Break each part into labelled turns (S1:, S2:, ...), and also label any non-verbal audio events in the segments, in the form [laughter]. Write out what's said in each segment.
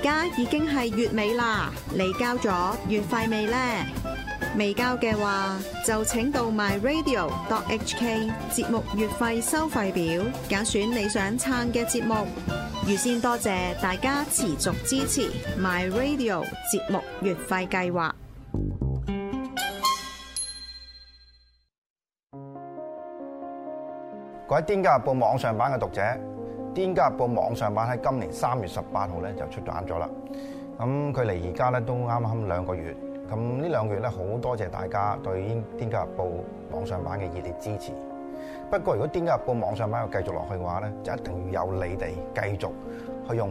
S1: 而家已經係月尾啦，你交咗月費未呢？未交嘅話，就請到 myradio.hk 節目月費收費表，揀選你想撐嘅節目。預先多謝大家持續支持 myradio 節目月費計劃。各位《癲狗日報》網上版嘅讀者。《癲狗日報》網上版喺今年三月十八號咧就出咗刊咗啦，咁佢離而家咧都啱啱兩個月，咁呢兩個月咧好多謝大家對《癲狗日報》網上版嘅熱烈支持。不過如果《癲狗日報》網上版又繼續落去嘅話咧，就一定要有你哋繼續去用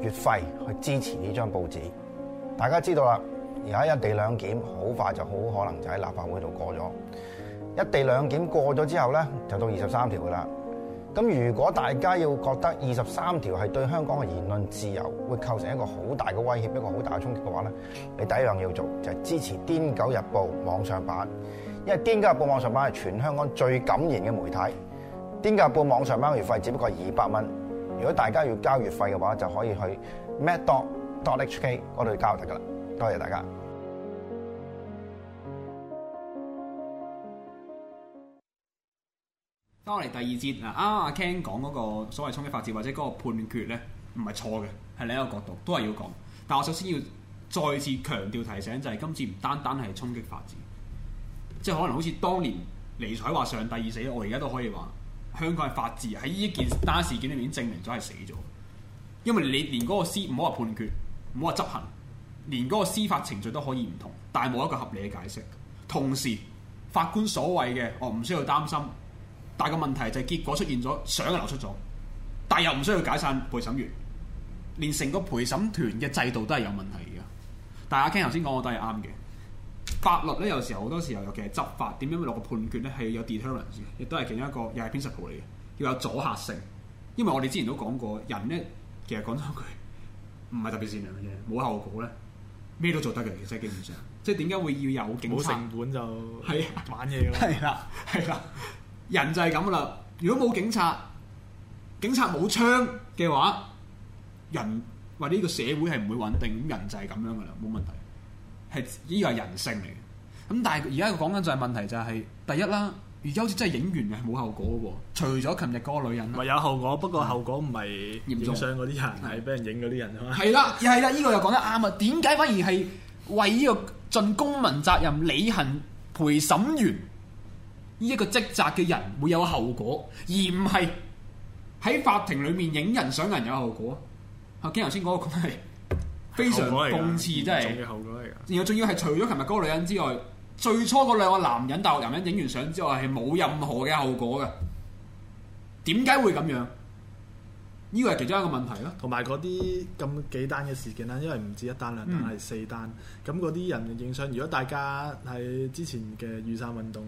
S1: 月費去支持呢張報紙。大家知道啦，而家一地兩檢好快就好可能就喺立法會度過咗，一地兩檢過咗之後咧就到二十三條噶啦。咁如果大家要覺得二十三條係對香港嘅言論自由會構成一個好大嘅威脅，一個好大嘅衝擊嘅話呢，你第一樣要做就係、是、支持《癲狗日報》網上版，因為《癲狗日報》網上版係全香港最敢言嘅媒體，《癲狗日報》網上版嘅月費只不過二百蚊，如果大家要交月費嘅話，就可以去 maddog.hk 嗰度交就得噶啦，多謝大家。當嚟第二節嗱，啊阿 Ken 講嗰個所謂衝擊法治或者嗰個判決咧，唔係錯嘅，係另一個角度都係要講。但我首先要再次強調提醒就係今次唔單單係衝擊法治，即係可能好似當年尼采話上帝已死，我而家都可以話香港係法治喺呢件單事件裏面證明咗係死咗，因為你連嗰個司唔好話判決，唔好話執行，連嗰個司法程序都可以唔同，但係冇一個合理嘅解釋。同時法官所謂嘅，我唔需要擔心。大個問題就係結果出現咗，相嘅流出咗，但又唔需要解散陪審員，連成個陪審團嘅制度都係有問題嘅。但阿 Ken 頭先講，我都係啱嘅。法律咧，有時候好多時候，尤其係執法點樣會落個判決咧，係有 deterrence，亦都係其中一個，又係 principal 嚟嘅，要有阻嚇性。因為我哋之前都講過，人咧其實講咗句唔係特別善良嘅啫，冇 Yeah. 後果咧，咩都做得嘅，其實基本上。即係點解會要有警？冇成本就係玩嘢咯。係啦，係啦。人就係咁噶啦，如果冇警察，警察冇槍嘅話，人或者呢個社會係唔會穩定。咁人就係咁樣噶啦，冇問題，係呢個人性嚟嘅。咁但係而家講緊就係問題就係、是、第一啦，而家好似真係影完係冇後果喎。除咗琴日嗰女人，唯有後果，不過後果唔係、嗯、影相嗰啲人係俾人影嗰啲人啊嘛。係啦，係啦，呢個又講得啱啊！點解反而係為呢個盡公民責任、履行陪審員？一個職責嘅人會有後果，而唔係喺法庭裏面影人相人有後果。阿堅頭先講嘅講係非常諷刺，真係。後果嚟噶。後然後仲要係除咗琴日嗰個女人之外，最初嗰兩個男人、大陸男人影完相之外係冇任何嘅後果嘅。點解會咁樣？呢個係其中一個問題咯。同埋嗰啲咁幾單嘅事
S2: 件咧，因為唔止一單、兩單,單，係四單。咁嗰啲人影相，如果大家喺之前嘅雨傘運動。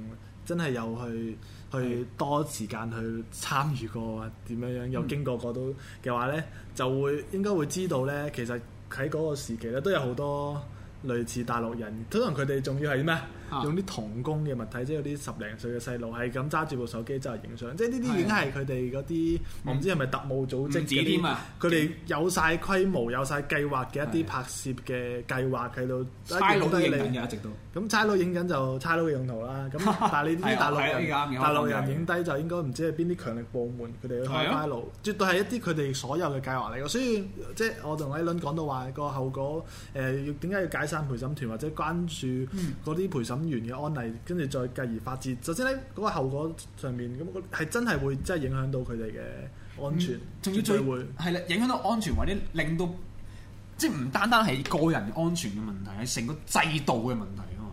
S2: 真係有去去多時間去參與過點樣樣，有經過過都嘅話呢，嗯、就會應該會知道呢。其實喺嗰個時期呢都有好多，類似大陸人，可能佢哋仲要係咩？啊、用啲童工嘅物體，即係啲十零歲嘅細路，係咁揸住部手機就係影相。即係呢啲已經係佢哋嗰啲，我唔、嗯、知係咪特務組織嘅。唔止啊！佢哋有晒規模、嗯、有晒計劃嘅一啲拍攝嘅計劃喺度。佬對 直都。咁差佬影緊就差佬嘅用途啦。咁 [laughs] 但係你啲大陸人， [laughs] 大陸人影低就應該唔知係邊啲強力部門佢哋去開差佬，對啊、絕對係一啲佢哋所有嘅計劃嚟㗎。所以即係我同 A 倫講到話個後果，誒要點解要解釋？陪審團或者關注嗰啲陪審員嘅安危，跟住、嗯、再繼而發泄。首先咧，嗰、那個後果上面咁，係真係會即係影響到
S1: 佢哋嘅安全。仲、嗯、要最係啦，影響到安全或者令到即係唔單單係個人安全嘅問題，係成個制度嘅問題啊嘛。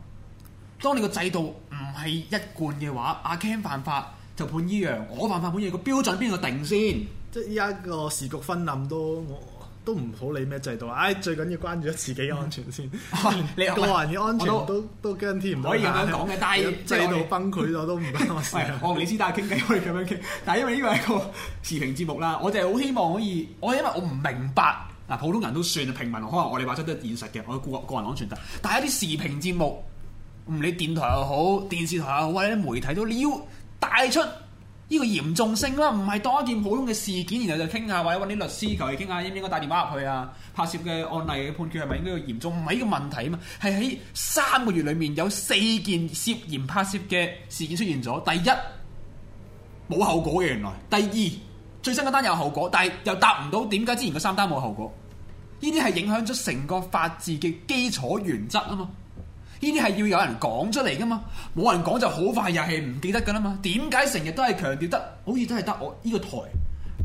S1: 當你個制度唔係一貫嘅話，阿 Ken 犯法就判依樣，我犯法判依樣，個標準邊個定先？
S2: 即係依家個時局分那麼多。都唔好理咩制度啊！唉、哎，最緊要關注咗自己嘅安全先。你、嗯、個人嘅安全、嗯、都都驚添，唔好。可以咁樣講嘅，但係制度
S1: 崩潰咗都唔關我事。我同李思大傾偈可以咁樣傾，但係因為呢個係一個時評節目啦，我淨係好希望可以，我因為我唔明白嗱，普通人都算平民，可能我哋話出都係現實嘅，我個個人安全得。但係一啲時評節目，唔理電台又好，電視台又好，或者媒體都撩帶出。呢個嚴重性啦，唔係當一件普通嘅事件，然後就傾下，或者揾啲律師求其傾下，應唔應該打電話入去啊？拍攝嘅案例嘅判決係咪應該要嚴重？唔係 [noise] 個問題啊嘛，係喺三個月裡面有四件涉嫌拍攝嘅事件出現咗。第一冇後果嘅原來，第二最新嗰單有後果，但係又答唔到點解之前個三單冇後果？呢啲係影響咗成個法治嘅基礎原則啊嘛。呢啲係要有人講出嚟噶嘛，冇人講就好快又係唔記得噶啦嘛。點解成日都係強調得好似都係得我呢個台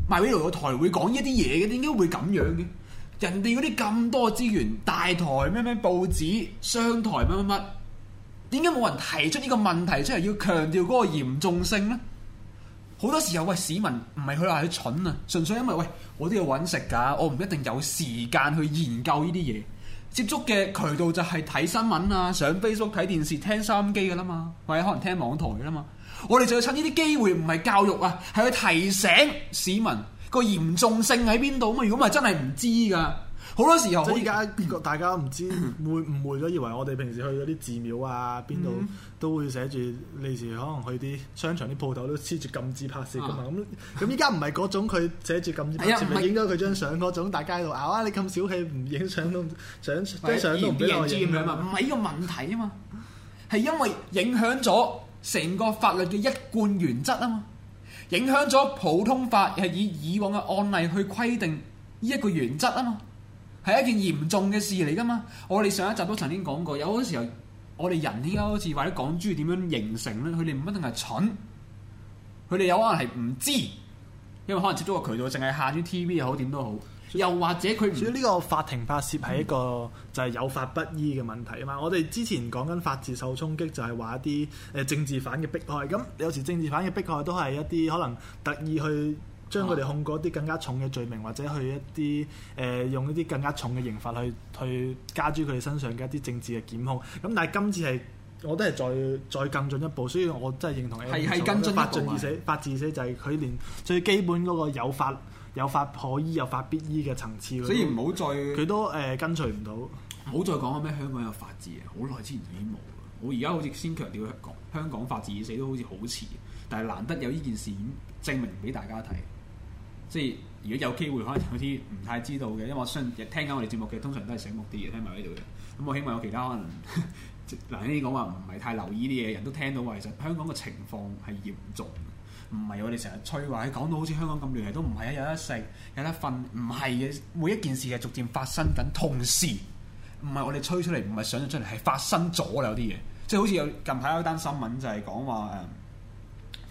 S1: ，MyRadio 個台會講呢啲嘢嘅？點解會咁樣嘅？人哋嗰啲咁多資源，大台咩咩報紙、商台乜乜乜，點解冇人提出呢個問題出嚟，要強調嗰個嚴重性呢？好多時候，喂市民唔係佢話佢蠢啊，純粹因為喂我都要揾食㗎，我唔一定有時間去研究呢啲嘢。接觸嘅渠道就係睇新聞啊，上 Facebook 睇電視、聽收音機㗎啦嘛，或者可能聽網台㗎啦嘛。我哋就要趁呢啲機會，唔係教育啊，係去提醒市民個嚴重性喺邊度啊嘛。如果唔係真係唔知㗎。好多時候在，即
S2: 係而家，大家唔知誤誤、嗯、會咗，以為我哋平時去嗰啲寺廟啊，邊度、嗯、都會寫住。你時可能去啲商場啲鋪頭都黐住禁止拍攝㗎嘛。咁咁、啊，依家唔係嗰種佢寫住禁止拍攝，咪影咗佢張相嗰種。大街度，啊，你咁小氣，唔影
S1: 相都影，相都唔俾人知咁樣啊？唔係呢個問題啊嘛，係因為影響咗成個法律嘅一貫原則啊嘛，影響咗普通法，係以以往嘅案例去規定呢一個原則啊嘛。係一件嚴重嘅事嚟噶嘛？我哋上一集都曾經講過，有好多時候我哋人依家好似或者港豬點樣形成咧？佢哋唔一定係蠢，佢哋有可能係唔知，因為可能接觸個渠道淨係下啲 TV 又好點都好，又或者佢。唔屬於呢個法庭拍
S2: 攝係一個就係有法不依嘅問題啊嘛！我哋之前講緊法治受衝擊，就係話一啲誒政治犯嘅迫害。咁有時政治犯嘅迫害都係一啲可能特意去。將佢哋控過一啲更加重嘅罪名，或者去一啲誒、呃、用一啲更加重嘅刑罰去去加諸佢哋身上嘅一啲政治嘅檢控。咁、嗯、但係今次係我都係再再更進一步，所以我真係認同你跟講麼法，進已死，法治已死就係佢連最基本嗰個有法有法可依、有法必依嘅層次。所以唔好再佢都
S1: 誒、呃、跟隨唔到。唔好再講咩香港有法治啊！好耐之前已經冇啦。我而家好似先強調香港法治已死都好似好遲，但係難得有呢件事咁證明俾大家睇。即係，如果有機會，可能有啲唔太知道嘅，因為我相信聽緊我哋節目嘅通常都係醒目啲嘅，聽埋呢度嘅。咁、嗯、我希望有其他可能，嗱，呢啲講話唔係太留意啲嘢，人都聽到話，其實香港嘅情況係嚴重，唔係我哋成日吹話，講到好似香港咁亂，係都唔係呀，有得食，有得瞓，唔係嘅。每一件事係逐漸發生緊，同時唔係我哋吹出嚟，唔係想像出嚟，係發生咗啦，有啲嘢，即係好似有近排有單新聞就係講話誒。呃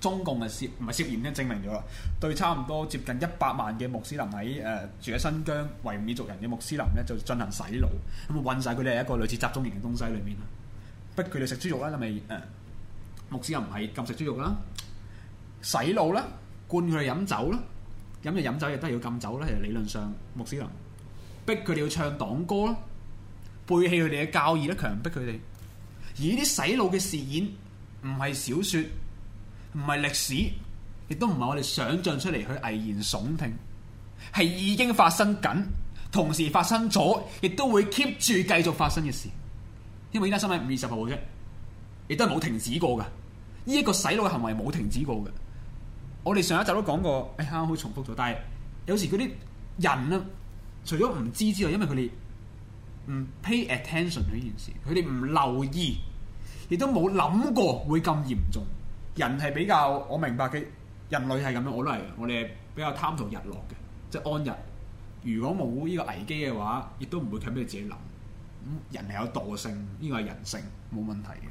S1: 中共嘅涉唔係涉嫌咧，已經證明咗啦，對差唔多接近一百萬嘅穆斯林喺誒、呃、住喺新疆維吾爾族人嘅穆斯林咧，就進行洗腦，咁啊混晒佢哋喺一個類似集中營嘅東西裏面啦，逼佢哋、呃、食豬肉啦，咁咪誒穆斯林唔係禁食豬肉啦，洗腦啦，灌佢哋飲酒啦，飲就飲酒，亦都係要禁酒啦。其實理論上穆斯林逼佢哋要唱黨歌啦，背棄佢哋嘅教義啦，強逼佢哋，而呢啲洗腦嘅事件唔係小説。唔係歷史，亦都唔係我哋想象出嚟去危言聳聽，係已經發生緊，同時發生咗，亦都會 keep 住繼續發生嘅事。因為依家先係五二九號啫，亦都係冇停止過嘅。呢一個洗腦嘅行為冇停止過嘅。我哋上一集都講過，啱啱好重複咗。但係有時嗰啲人啊，除咗唔知之外，因為佢哋唔 pay attention 呢件事，佢哋唔留意，亦都冇諗過會咁嚴重。人係比較，我明白嘅人類係咁樣，我都係我哋比較貪圖日落嘅，即係安逸。如果冇呢個危機嘅話，亦都唔會睇你自己諗。咁、嗯、人係有惰性，呢個係人性，冇問題嘅。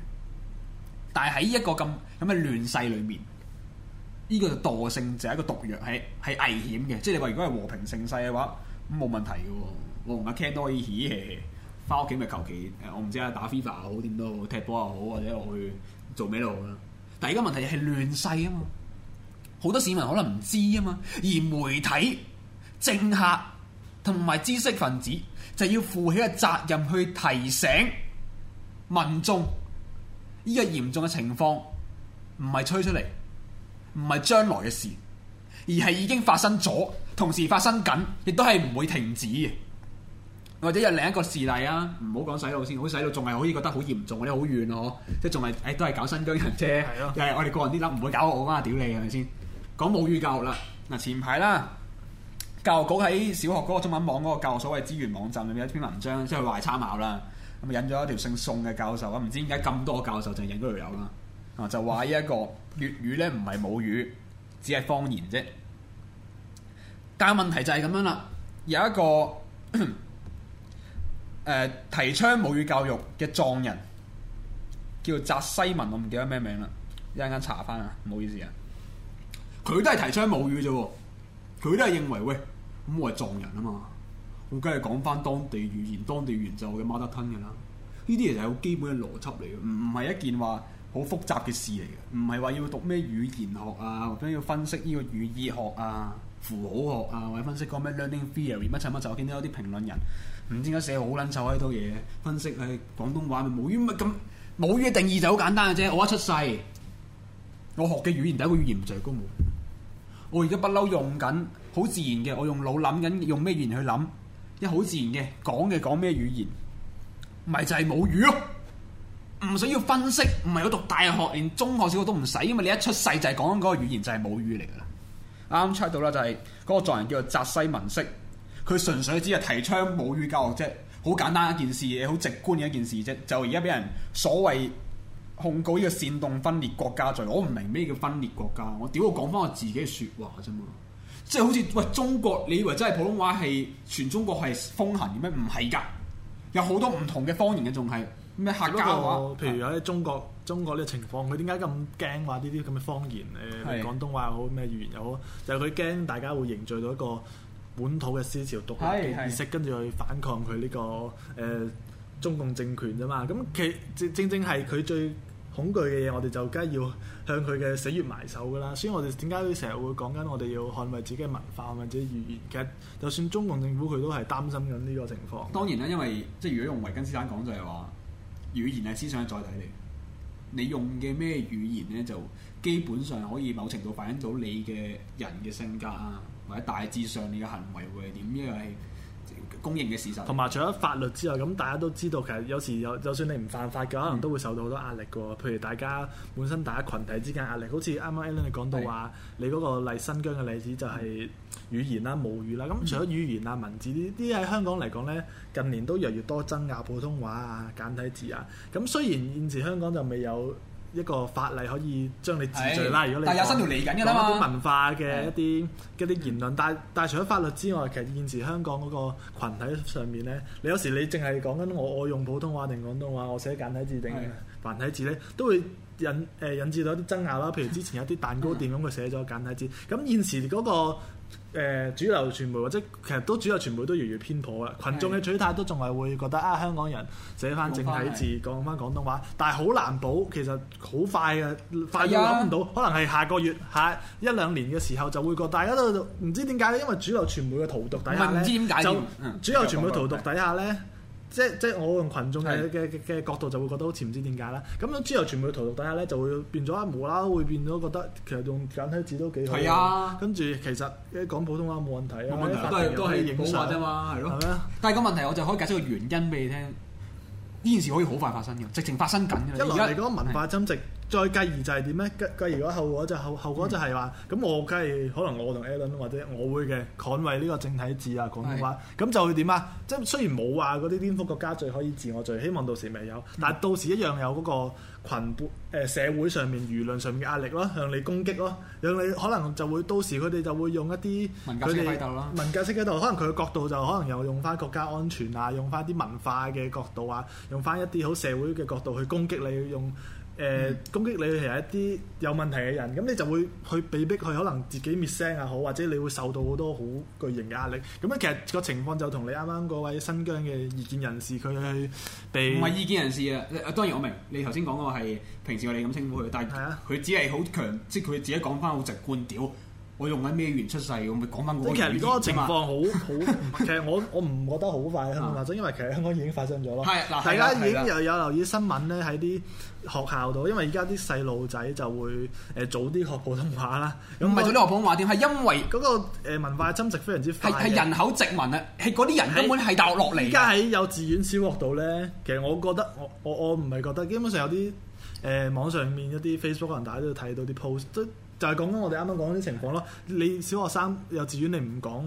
S1: 但係喺呢一個咁咁嘅亂世裏面，呢、呢個惰性就係一個毒藥，係係危險嘅。即係你話如果係和平盛世嘅話，咁、嗯、冇問題嘅喎、哦。我同阿 Ken 多啲嘢，翻屋企咪求其誒，我唔知啊，打 FIFA 又好點都好踢波又好，或者我去做咩都好啦。第一個問題係亂世啊嘛，好多市民可能唔知啊嘛，而媒體、政客同埋知識分子就要負起嘅責任去提醒民眾呢個嚴重嘅情況，唔係吹出嚟，唔係將來嘅事，而係已經發生咗，同時發生緊，亦都係唔會停止嘅。或者有另一個事例啊，唔好講洗腦先，好洗腦仲係可以覺得好嚴重，或好遠咯，嗬？即係仲係誒，都係搞新疆人啫。係咯。又係我哋個人啲諗，唔會搞我啊！屌你係咪先？講母語教育啦，嗱，前排啦，教育局喺小學嗰個中文網嗰個教育所謂資源網站入面有一篇文章，即係話參考啦，咁引咗一條姓宋嘅教授啊，唔知點解咁多教授就引嗰條友啦，啊，就話呢一個粵語咧唔係母語，只係方言啫。但係問題就係咁樣啦，有一個。 [coughs] 誒、呃、提倡母語教育嘅藏人叫扎西文，我唔記得咩名啦，一陣間查翻啊，唔好意思啊。佢都係提倡母語啫，佢都係認為喂，咁我係藏人啊嘛，咁梗係講翻當地語言、當地語言就係嘅馬德吞嘅啦。呢啲其實係好基本嘅邏輯嚟嘅，唔唔係一件話好複雜嘅事嚟嘅，唔係話要讀咩語言學啊，或者要分析呢個語意學啊。符好學啊，或者分析嗰咩 learning theory 乜柒乜就。我見到有啲評論人唔知點解寫好撚醜喺套嘢分析，係、啊、廣東話冇母語乜咁，母語嘅定義就好簡單嘅啫，我一出世，我學嘅語言第一個語言就係高母，我而家不嬲用緊，好自然嘅，我用腦諗緊用咩語言去諗，一好自然嘅講嘅講咩語言，唔咪就係、是、母語咯，唔使要分析，唔係我讀大學，連中學小學都唔使，因為你一出世就係講緊嗰個語言就係、是、母語嚟噶啦。啱啱查到啦，就係嗰個藏人叫做扎西文色，佢純粹只係提倡母語教育啫，好簡單一件事好直觀嘅一件事啫。就而家俾人所謂控告呢個煽動分裂國家罪，我唔明咩叫分裂國家。我屌我講翻我自己嘅説話啫嘛，即係好似喂中國，你以為真係普通話係全中國係風行嘅咩？唔係㗎，有好多唔同嘅方言嘅，仲係咩客家話？譬如喺中國。啊中國呢個
S2: 情況，佢點解咁驚話呢啲咁嘅方言誒？是呃、廣東話又好，咩語言又好，就係佢驚大家會凝聚到一個本土嘅思潮、獨立嘅意識，跟住去反抗佢呢、呢個誒、呃、中共政權啫嘛。咁佢正正係佢最恐懼嘅嘢，我哋就梗係要向佢嘅死穴埋手㗎啦。所以我哋點解成日會講緊我哋要捍衞自己嘅文化、或者自己嘅語言？其實就算中共政府佢都係擔心緊呢個情況。
S1: 當然啦，因為即係如果用維根斯坦講就係話，語言係思想嘅載體嚟。你用嘅咩語言咧，就基本上可以某程度反映到你嘅人嘅性格啊，或者大致上你嘅行為會係點嘅。因為公認嘅事實。同埋
S2: 除咗法律之外，咁大家都知道其實有時有，就算你唔犯法嘅，可能都會受到好多壓力嘅喎。譬如大家本身大家群體之間壓力，好似啱啱 Allen 是你講到話，你嗰個例新疆嘅例子就係語言啦、母語啦。咁除咗語言啊、文字呢啲喺香港嚟講呢，近年都越嚟越多增壓普通話啊、簡體字啊。咁雖然現時香港就未有。一個法例可以將你治罪啦，的如果你但係有心條理緊㗎啦嘛，文化嘅一啲嘅啲言論，的但係但係除咗法律之外，其實現時香港嗰個群體上面咧，你有時你淨係講緊我我用普通話定廣東話，我寫簡體字定的繁體字咧，都會。引誒、呃、引致到一啲爭拗啦，譬如之前有啲蛋糕店咁佢、嗯、寫咗簡體字，咁現時嗰、嗰個、呃、主流傳媒或者其實都主流傳媒都越嚟越偏頗啦，群眾嘅取態都仲係會覺得啊香港人寫翻正體字快講翻廣東話，但係好難保，其實好快嘅，啊、快要諗唔到，可能係下個月下一兩年嘅時候就會覺大家都唔知點解咧，因為主流傳媒嘅荼毒底下咧，不不就主流傳媒荼毒底下咧。即即我用群眾嘅嘅嘅角度就會覺得好似唔知點解啦，咁樣之後全部荼毒底下咧就會變咗，無啦啦會變咗覺得其實用簡體字都幾好。係是啊，跟住其實講普通話冇問題啊，都係都係影相啫嘛，係
S1: 咯。的但係個問題我就可以解釋個原因俾你聽，呢 [noise] 件事可以好快發生嘅，直情發生緊嘅。一來係嗰個文化增值。
S2: 再繼而就係點咧？繼繼而個後果就是、後後果就係話咁，嗯、我繼可能我同 Allen 或者我會嘅捍衛呢個正體字啊，廣東話咁是 就會點啊？即係雖然冇話嗰啲顛覆國家罪可以自我罪，希望到時咪有，但係到時一樣有嗰個群撥、呃、社會上面輿論上面嘅壓力咯，向你攻擊咯，讓你可能就會到時佢哋就會用一啲文革式街道文革式街，可能佢嘅角度就可能又用翻國家安全啊，用翻啲文化嘅角度啊，用翻一啲好社會嘅角度去攻擊你用。誒、嗯、攻擊你其實一啲有問題嘅人，咁你就會去被逼去可能自己滅聲又好，或者你會受到好多好巨型嘅壓力。咁樣其實個情況就同你啱啱嗰位新疆嘅異
S1: 見人士佢去
S2: 被，唔係異見人
S1: 士啊！當然我明你頭先講嗰個係平時我哋咁稱呼佢，但係佢只係好強，嗯、即係佢自己講翻好直觀屌。我用緊咩源出世？我咪講翻其實嗰個情況
S2: 好好，其實我我唔覺得好快香港發生， [laughs] 因為其實香港已經發生咗咯。係嗱，大家已經又有留意新聞咧，喺啲學校度，因為而家啲細路仔就會誒早啲學普通話啦。咁唔係早啲學普通話點？係因為嗰個文化嘅增值非常之快。係人口殖民啊！係嗰啲人根本係大陸落嚟。而家喺幼稚園小學度咧，其實我覺得我我我唔係覺得，基本上有啲。誒網上面一啲 Facebook 可能大家都要睇到啲 post，就係講緊我哋啱啱講啲情況咯。的你小學生、幼稚園，你唔講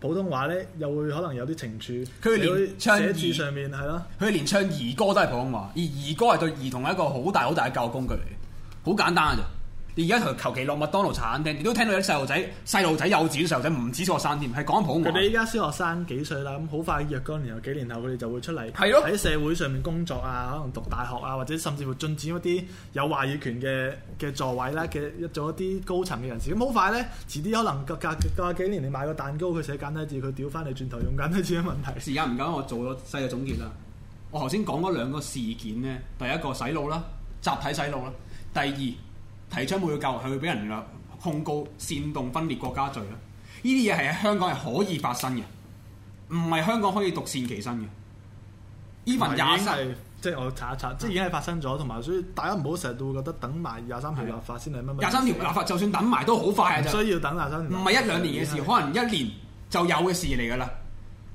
S2: 普通話呢，又會可能有啲情處。佢哋連寫字上
S1: 面係咯，佢們的連唱兒歌都係普通話，而兒歌係對兒童係一個好大好大嘅教育工具嚟，好簡單嘅咋。而而家求其落麥當勞茶餐廳，亦都聽到有啲細路仔、細路仔幼稚園細路仔唔止錯散添，係講普通話。佢哋依家小學生幾
S2: 歲啦？咁好快若干年或幾年後，佢哋就會出嚟喺社會上面工作啊，可能讀大學啊，或者甚至乎進展一啲有話語權嘅嘅座位啦，嘅一做一啲高層嘅人士。咁好快咧，遲啲可能隔隔幾年，你買個蛋糕，佢寫簡體字，佢屌翻你轉頭用
S1: 簡體字嘅問題。時間唔夠，我做咗細嘅總結啦。我頭先講嗰兩個事件咧，第一個洗腦啦，集體洗腦啦，第二。提倡冇教，係會俾人控告煽動分裂國家罪啦！依啲嘢係喺香港係可以發生嘅，唔係香港可以獨善其身嘅。依份廿三，即係我查一查，即係已經係發生咗，同埋、嗯、所以大家唔好成日都會覺
S2: 得等埋廿三條立法先係乜乜。廿三條立法就算
S1: 等埋都好快啊！需要等廿
S2: 三，唔係一兩年嘅事，
S1: 可能一年就有嘅事嚟噶啦。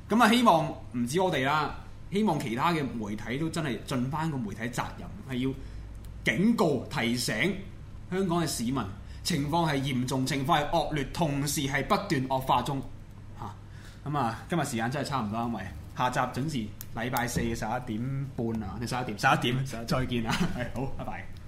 S1: 咁啊，希望唔止我哋啦，希望其他嘅媒體都真係盡翻個媒體責任，係要警告提醒。香港嘅市民情況係嚴重，情況係惡劣，同時係不斷惡化中。嚇咁啊，今日時間真係差唔多，因、嗯、為下集準時禮拜四十一點半啊，你十一點十一點，十一點 [laughs] 再見啊，係 [laughs] 好，拜拜。